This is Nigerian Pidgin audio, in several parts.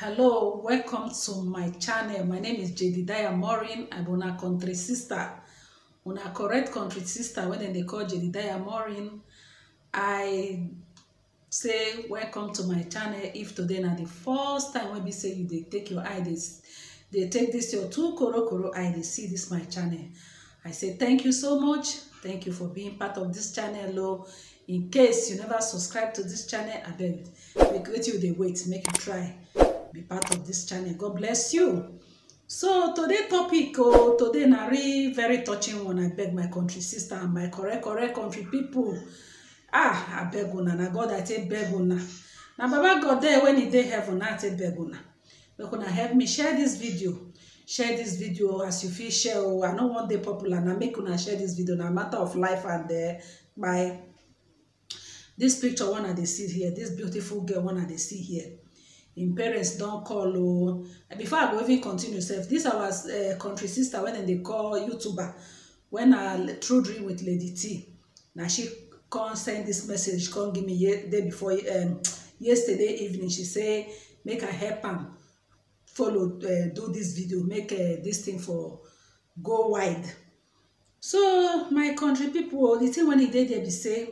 hello welcome to my channel my name is jedidiah morin i'm una country sister una correct country sister When they call jedidiah morin i say welcome to my channel if today na the first time wey be say you they take your eye They take this your two korokoro eye dey see this my channel i say thank you so much thank you for being part of this channel o oh. in case you never subscribe to this channel abeg make you the wait make you try be part of this channel god bless you so today topic oh today nari very touching one i beg my country sister and my correct correct country people ah i beg una na god i take beg una na baba god there when he day heaven i take beg una make una help me share this video share this video as you fit share oh i no want the popular na make una share this video na matter of life and uh, my this picture one i dey see here this beautiful girl one i dey see here im parents don call o before i go even continue sef dis our eh, country sister wey dem dey call youtuber wey na true dream with lady t na she come send dis message come give me day before yesterday evening she say make i help am follow eh, do dis video make dis eh, thing for go wide so my country pipo oh, di thing when e dey there be say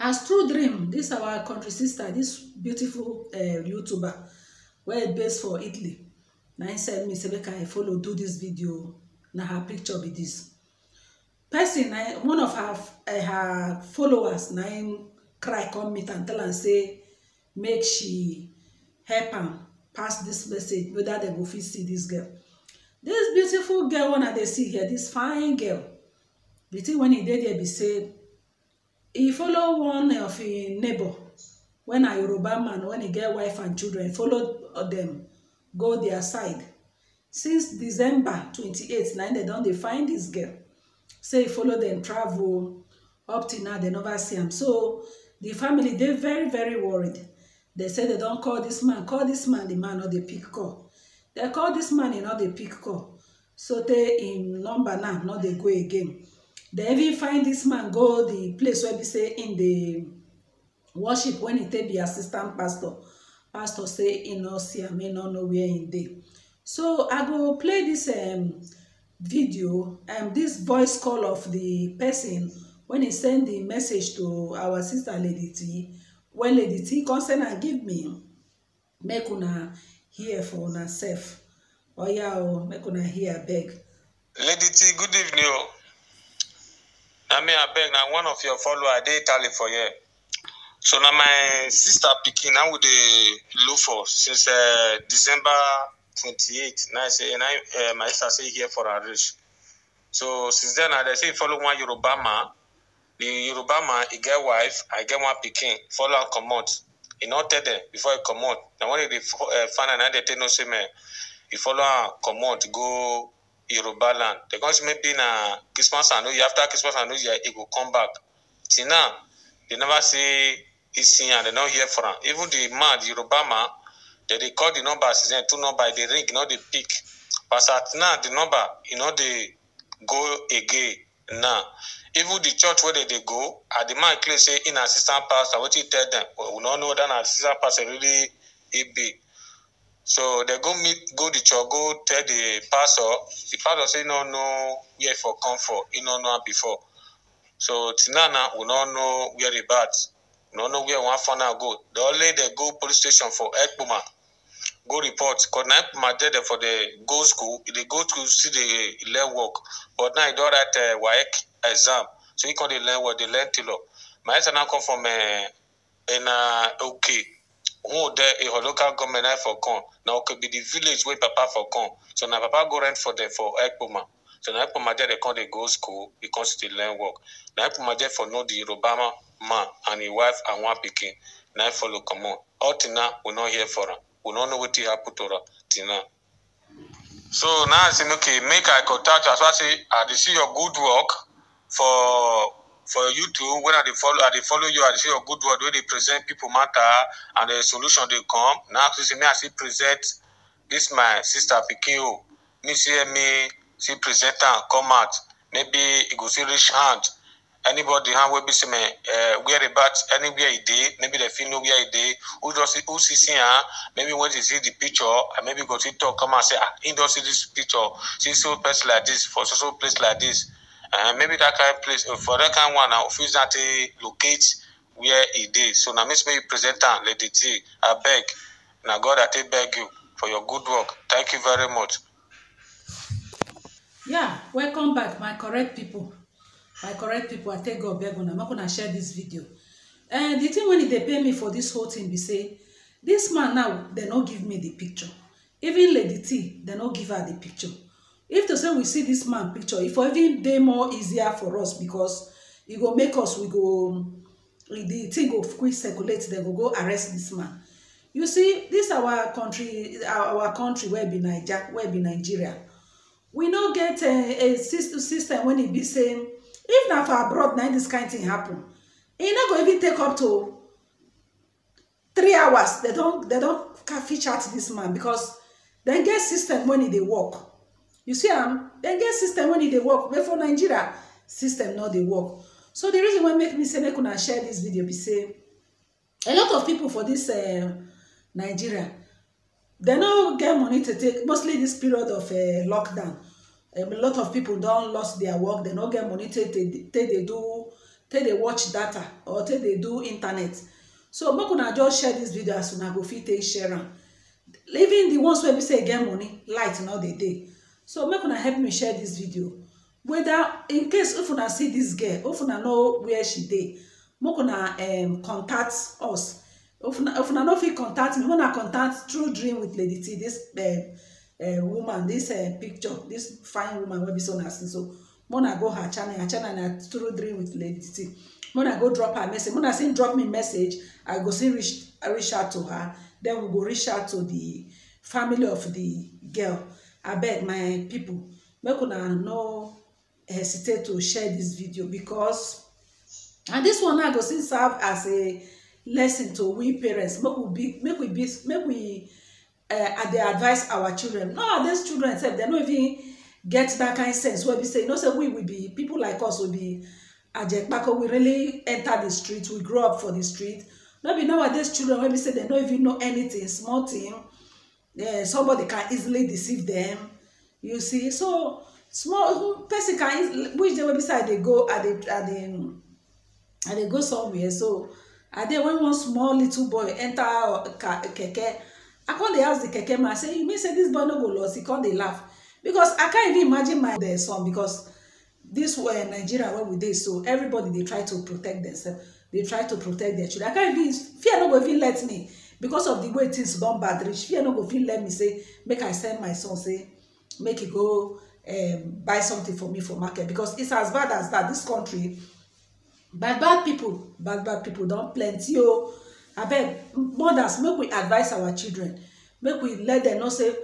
as true dream this our country sister this beautiful uh, youtuber wey based for italy na im send me say make i follow do this video na her picture be this person na one of her uh, her followers na im cry come meet am tell am say make she help am pass this message whether dem go fit see this girl this beautiful girl wey una dey see here this fine girl the thing wey e dey there be say He follow one of him neighbor wey na yoruba man wen e get wife and children follow dem go dia side since december twenty 28 na dem don dey find dis girl say he follow dem travel up till now dem never see am so di family dey very very worried dem say dem don call dis man call dis man di man no dey pick call dem call dis man e no dey pick call sotey im number now no dey go again Then even find this man go the place where be say in the worship when he take be assistant pastor pastor say im no see am im no know where im dey so i go play this um, video um, this voice call of the person when he send the message to our sister lady t wey lady t come send give me make una hear for una self. oya o make una hear abeg. lady t good evening o na me abeg na one of your follower dey tally for here so na my sister pikin na we dey look for since uh, december twenty-eight na say na uh, my sister say here for her reach so since then na dey say follow one yoruba man the yoruba man e get wife i get one pikin follow am comot He no tell dem before he comot na when e dey uh, find am na dey tell know say me He follow am comot go Yoruba land. They come say maybe na Christmas and New Year. After Christmas and New Year, it go come back. Till now, they never see Isin and they not hear from. Even the man, the Yoruba man, they record the number as two number. They ring, you know, they pick. But at now, the number, you know, they go again now. Even the church where they, go, at the man clear say in assistant pastor, what you tell them, we don't know that assistant pastor really it be. So they go meet, go the church, go tell the pastor. The pastor say, no, no, where for come for? He no know before. So Tinana will not know where the bat, no know where one for now go. The only they go police station for Ekpuma, go report. Cause now Ekpuma there for the go school, they go to see the learn work. But now he do that uh, WAEC exam, so he can learn what they learn till up. My son now come from uh, in uh, okay who there a local government for corn. Now could be the village where papa for corn. So now papa go rent for them for Ekpoma. So now Ekpoma there they come they go school, he comes learn work. Now Ekpoma there for know the Robama man and his wife and one picking. Now follow come on. All till we not hear for her. We don't know what happened to her till So now I say okay, make I contact as I say I see your good work for for you to whether they follow I they follow you I they say your good word where they present people matter and the solution they come now to see me I see present this my sister pikin o oh. me see me see present am come out maybe e go see reach hand anybody hand wey be say me uh, where about anywhere e dey maybe they fit know where e dey who just see who see see am maybe when they see the picture and maybe go see talk come out say ah he don see this picture see so place like this for so so place like this. Uh, maybe that kind of place, uh, for that kind of one, now, uh, if that they locate where it is. So now, Miss May present and Lady T, I beg. Now, God, I take beg you for your good work. Thank you very much. Yeah, welcome back, my correct people. My correct people, I take God beg on. I'm going share this video. And the thing when they pay me for this whole thing, be say, this man now, they don't give me the picture. Even Lady T, they don't give her the picture if to say we see this man picture if for even dey more easier for us because e go make us we go the thing go quick circulate dem go go arrest this man you see this our country our country wey be naija wey be nigeria we no get eh, a system when e be say if na for abroad na this kind thing happen e no go even take up to three hours they don catch out dis man because dem get system when e dey work you see um, dem get system when e work but for nigeria system not they work so the reason why make me say make una share this video be say a lot of people for this uh, nigeria they no get money to take mostly this period of uh, lockdown um, a lot of people don't lost their work They no get money take take take dey do take They watch data or take They do internet so make una just share this video as una go fit take share Leaving the ones where we say get money light no dey dey so make una help me share this video whether in case if una see this girl if una know where she dey make una um, contact us if una if una no fit contact me una contact True dream with lady t This um, uh, woman this uh, picture this fine woman wey be so nasty. see so mona go her channel her channel na True dream with lady t mona go drop her message mona say drop me message i go see reach reach out to her then we go reach out to the family of the girl abeg my people make una no hesitate to share this video because and this one now go still serve as a lesson to we parents make we be make we be make we uh, dey advise our children No, these children sef they no even get that kind sense wey be say you know say we will be people like us will be ajekpako we really enter the street we grow up for the street Maybe nowadays children maybe say they no even know anything small thing uh, somebody can easily deceive them you see so small person can which dey website They go i dey i dey and they go somewhere so i dey when one small little boy enter keke i come dey ask the keke man say you mean say this boy no go lost? he come dey laugh because i can't even imagine my their son because this uh, nigeria wey we dey so everybody they try to protect themselves They try to protect their children i can't even fear nobody even let me because of the way things don bad reach fear no go fit let me say make i send my son say make he go um, buy something for me for market because it's as bad as that this country bad bad people bad bad people don plenty o oh. abeg mothers make we advise our children make we let them know say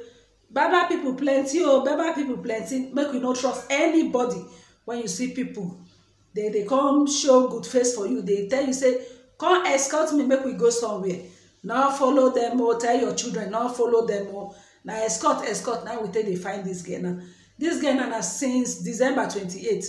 bad bad people plenty o oh. bad bad people plenty make we no trust anybody when you see people they dey come show good face for you they tell you say come escort me make we go somewhere Now follow them or oh, tell your children Now follow them or oh. now escort escort Now we tell they find this girl now This girl now since december twenty-eight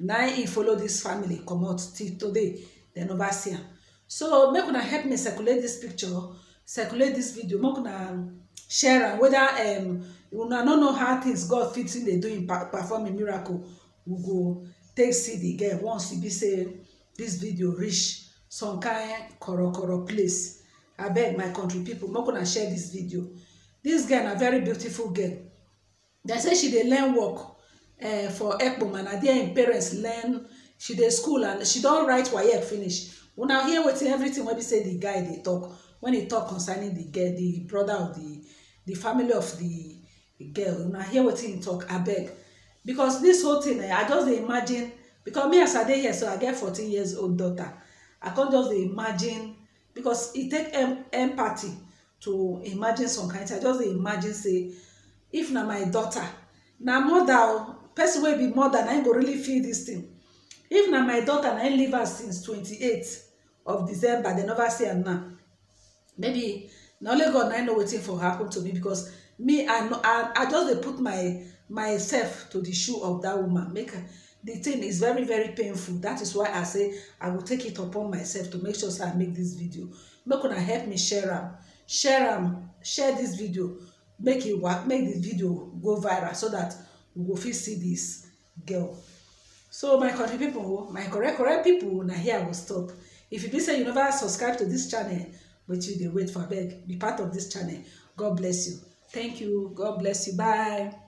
Now he follow this family Come out till today dem never see am so make una help me circulate this picture circulate this video make una share and whether um, una no know how things god fits in dey do im perform im miracle we go take see the girl once e be say this video reach some kind coro coro place I beg my country pipo make una share this video This girl a very beautiful girl They say she dey learn work eh, for ekpoma na Her dear parents learn she dey school and she don write yet finish una hear wetin everything wey be say The guy they talk when he talk concerning the girl the brother of the the family of the girl una hear wetin e talk beg because this whole thing eh, i just imagine because me as i dey here so i get fourteen years old daughter i can't just imagine because it e take em empathy to imagine some kind thing i just imagine say if na my daughter na mother o person wey be mother na im go really feel this thing if na my daughter na im leave her since twenty-eight of december dem never see am now maybe na only god na im know wetin for happen to me because me i no i i just dey put my myself to the shoe of that woman make i the thing is very very painful that is why i say i will take it upon myself to make sure say i make this video make una help me share am share am share this video make it work make the video go viral so that we go fit see this girl so my country people oh, my correct correct people na here i go stop if you be say you never subscribe to this channel but you dey wait for abeg be part of this channel god bless you thank you god bless you bye.